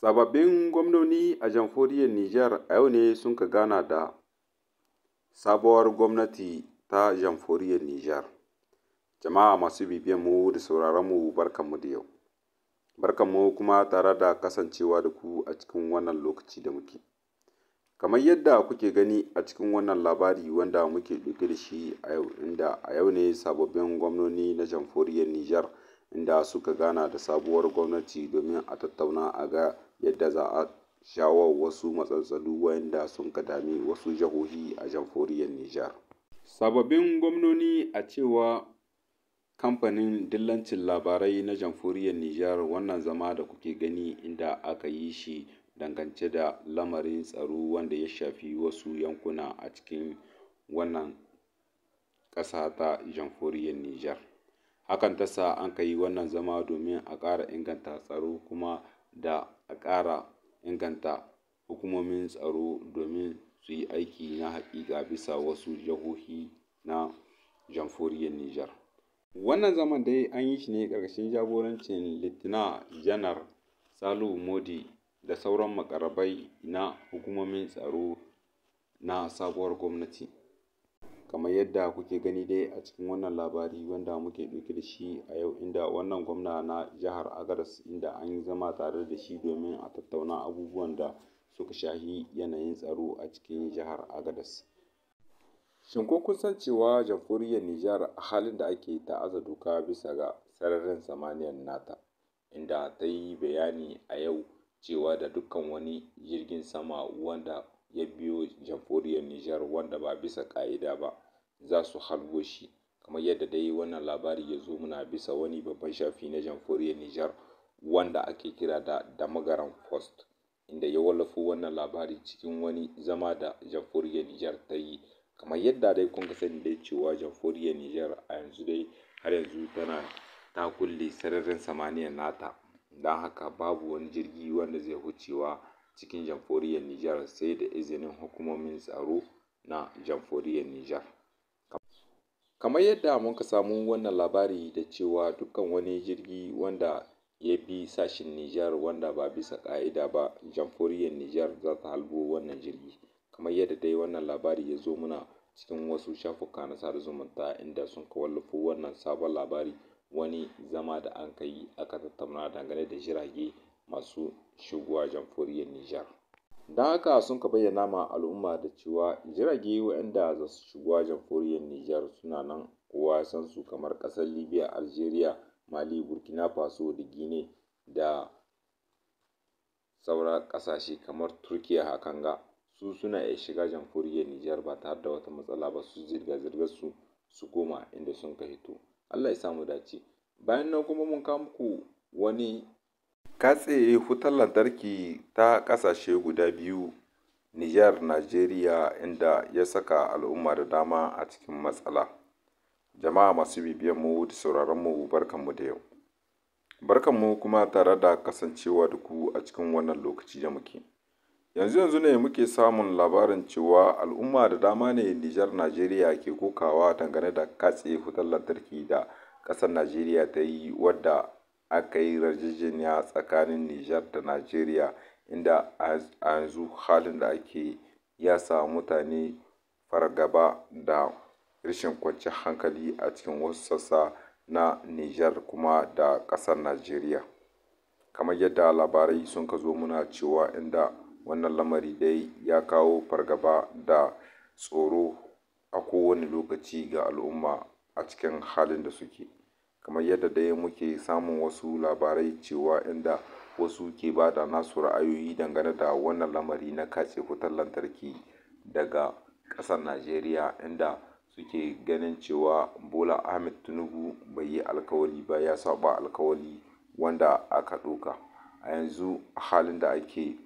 Sababbin gwamnoni a jamhuriyar Nijar a yau ne sun ka gana da sabuwar gwamnati ta jamhuriyar Nijar. Jama'a masu bibiyan mu da sauraron mu barkanmu da yau. mu kuma tare da kasancewa da ku a cikin wannan lokaci da muke. Kamar yadda kuke gani a cikin wannan labari wanda muke ɗauke da shi a yau inda a yau ne sababbin gwamnoni na jamhuriyar Nijar inda suka gana da sabuwar gwamnati domin a tattauna a ga yadda za a shawo wasu matsaloli waɗanda sun ka dami wasu jihohi a jamhuriyar Nijar. Sababbin gwamnoni a cewa kamfanin dillancin labarai na jamhuriyar Nijar wannan zama da kuke gani inda aka yi shi dangance da lamarin tsaro wanda ya shafi wasu yankuna a cikin wannan ƙasa ta jamhuriyar Nijar. Hakan ta sa an ka yi wannan zama domin a ƙara inganta tsaro kuma da a ƙara inganta hukumomin tsaro domin su yi aiki na haƙiƙa bisa wasu jihohi na jamhuriyar Nijar. Wannan zaman dai an yi shi ne ƙarƙashin jagorancin Litina Janar Salu Modi da sauran makarabai na hukumomin tsaro na sabuwar gwamnati. kamar yadda kuke gani dai a cikin wannan labari wanda muke ɗauke da shi a yau inda wannan gwamna na jihar agaras inda an yi zama tare da shi domin a tattauna abubuwan da suka shahi yanayin tsaro a cikin jihar agadas shin ko kun san cewa jamhuriyar nijar a halin da ake ta'aza doka bisa ga sararin samaniyar nata inda ta yi bayani a yau cewa da dukkan wani jirgin sama wanda ya biyo jamhuriyar Nijar wanda ba bisa ƙa'ida ba za su halgo shi kamar yadda dai wannan labari ya zo muna bisa wani babban shafi na jamhuriyar Nijar wanda ake kira da Damagaran Post inda ya wallafa wannan labari cikin wani zama da jamhuriyar Nijar ta yi kamar yadda dai kun sani dai cewa jamhuriyar Nijar a yanzu dai har yanzu tana ta kulle sararin samaniyar nata don haka babu wani jirgi wanda zai wucewa cikin jamhuriyar Nijar sai da izinin hukumomin tsaro na jamhuriyar Nijar. Kamar yadda muka samu wannan labari da cewa dukkan wani jirgi wanda ya bi sashin Nijar wanda ba bisa ƙa'ida ba jamhuriyar Nijar za ta halbo wannan jirgi. Kamar yadda dai wannan labari ya zo muna cikin wasu shafuka na sada zumunta inda sun kawallafo wannan sabon labari wani zama da an kai aka tattauna dangane da jirage masu shigowa jamhuriyar Nijar. Don haka sun ka bayyana ma al'umma da cewa jirage waɗanda za su shigowa jamhuriyar Nijar suna nan kowa san su kamar ƙasar Libya, Algeria, Mali, Burkina Faso da gine da sauran ƙasashe kamar Turkiya hakan ga su suna iya shiga jamhuriyar Nijar ba tare da wata matsala ba su zirga-zirgar su su koma inda sun ka hito. Allah ya samu dace. Bayan nan kuma mun kawo muku wani Katse wutar lantarki ta ƙasashe guda biyu Nijar nigeria inda ya saka al'umma da dama a cikin matsala. Jama'a masu bibiyan mu da sauraron mu barkan mu da yau. Barkanmu kuma tare da kasancewa da ku a cikin wannan lokaci da muke. Yanzu yanzu ne muke samun labarin cewa al'umma da dama ne Nijar Najeriya ke kokawa dangane da katse wutar lantarki da ƙasar Najeriya ta yi wadda aka yi yarjejeniya a tsakanin Nijar da Najeriya, inda a yanzu halin da ake ya sa mutane fargaba da rashin kwanciyar hankali a cikin wasu sassa na Nijar kuma da ƙasar Najeriya, kamar yadda labarai sun ka zo muna cewa, inda wannan lamari dai ya kawo fargaba da tsoro a kowane lokaci ga al'umma a cikin halin da suke. kamar yadda dai muke samun wasu labarai cewa inda wasu ke bada nasu ra'ayoyi dangane da wannan lamari na kace wutar lantarki daga ƙasar Najeriya inda suke ganin cewa Bola Ahmed Tinubu bai yi alkawali ba ya saba alkawali wanda aka ɗauka a yanzu halin da ake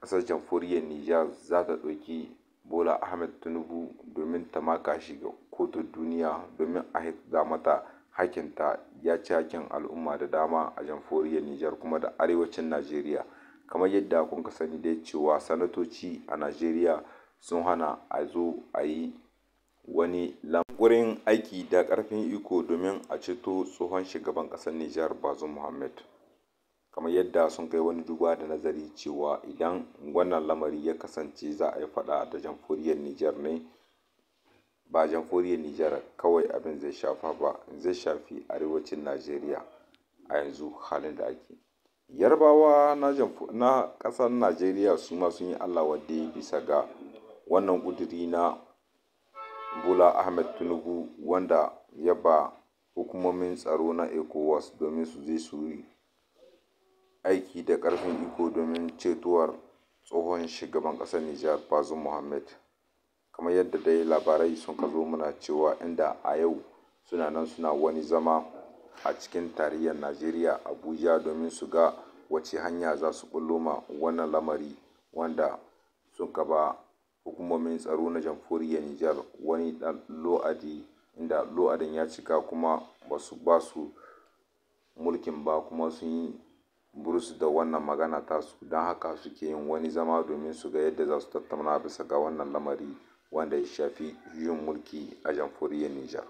ƙasar jamhuriyar Nijar za ta ɗauki Bola Ahmed Tinubu domin ta maka shi ga kotun duniya domin a mata hakinta ya ci hakin al'umma da dama a jamhuriyar Nijar kuma da arewacin Najeriya. Kamar yadda ka sani dai cewa sanatoci a Najeriya sun hana a zo a yi wani yunƙurin aiki da karfin iko domin a ceto tsohon shugaban ƙasar Nijar Bazoum muhammad Kamar yadda sun kai wani duba da nazari cewa idan wannan lamari ya kasance za a yi faɗa da jamhuriyar Nijar ne ba jamhuriyar Nijar kawai abin zai shafa ba, zai shafi arewacin Najeriya a yanzu halin da ake. Yarbawa na ƙasar Najeriya su ma sun yi Allah wadai bisa ga wannan ƙuduri na bula Ahmed Tinubu wanda ya ba hukumomin tsaro na ECOWAS domin su je su yi aiki da ƙarfin iko domin cetuwar tsohon shugaban ƙasar Nijar Bazoum Mohamed. kamar yadda dai labarai sun ka zo muna cewa inda a yau suna nan suna wani zama a cikin tarayyar najeriya abuja domin su ga wace hanya za su bullo ma wannan lamari wanda sun ka ba hukumomin tsaro na jamhuriyar nijar wani dan lo'adi inda lo'adin ya cika kuma ba su ba su mulkin ba kuma sun yi burus da wannan magana tasu don haka suke yin wani zama domin su ga yadda za su tattauna bisa ga wannan lamari wanda ya shafi yin mulki a jamhuriyar Nijar.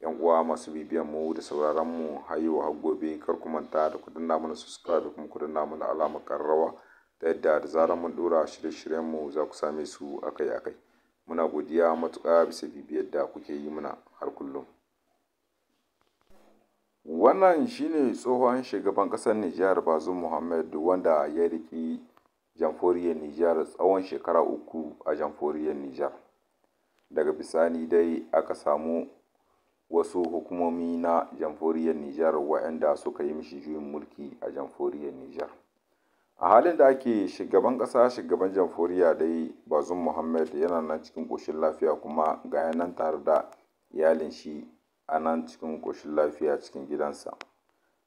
Yan uwa masu bibiyan mu da sauraron mu har har gobe kar ku manta da ku danna mana subscribe kuma ku danna mana alamar karrawa ta yadda da zarar mun dora shirye-shiryen mu za ku same su akai-akai. Muna godiya matuƙa bisa bibiyar da kuke yi mana har kullum. Wannan shine tsohon shugaban ƙasar Nijar Bazoum Muhammad wanda ya riki. jamforiyar Nijar tsawon shekara uku a jamforiyar Nijar. Daga bisani dai aka samu wasu hukumomi na jamforiyar Nijar waɗanda suka yi mishi juyin mulki a jamforiyar Nijar. A halin da ake shugaban ƙasa shugaban jamforiya dai bazum muhammed yana nan cikin ƙoshin lafiya kuma ga yanan tare da iyalin shi a nan cikin ƙoshin lafiya cikin gidansa.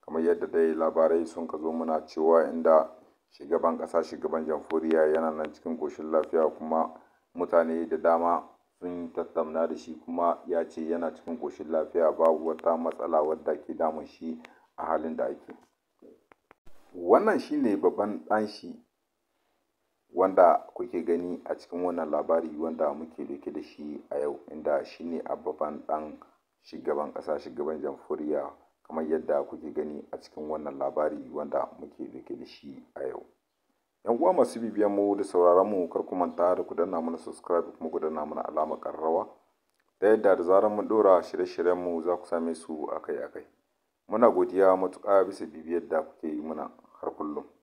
Kamar yadda dai labarai sun ka zo muna cewa inda shugaban ƙasa shugaban jamhuriya yana nan cikin ƙoshin lafiya kuma mutane da dama sun tattauna da shi kuma ya ce yana cikin ƙoshin lafiya babu wata matsala wadda ke damun shi a halin da ake wannan shi ne babban ɗan shi wanda kuke gani a cikin wannan labari wanda muke dauke da shi a yau inda shi ne a babban ɗan shugaban ƙasa shugaban jamhuriya kamar yadda kuke gani a cikin wannan labari wanda muke dauke da shi a yau yan uwa masu bibiyan mu da sauraron mu kar ku manta da ku danna mana subscribe kuma ku danna mana alama karrawa ta yadda da zarar mun dora shirye-shiryen mu za ku same su akai-akai muna godiya matuƙa bisa bibiyar da kuke yi muna har kullum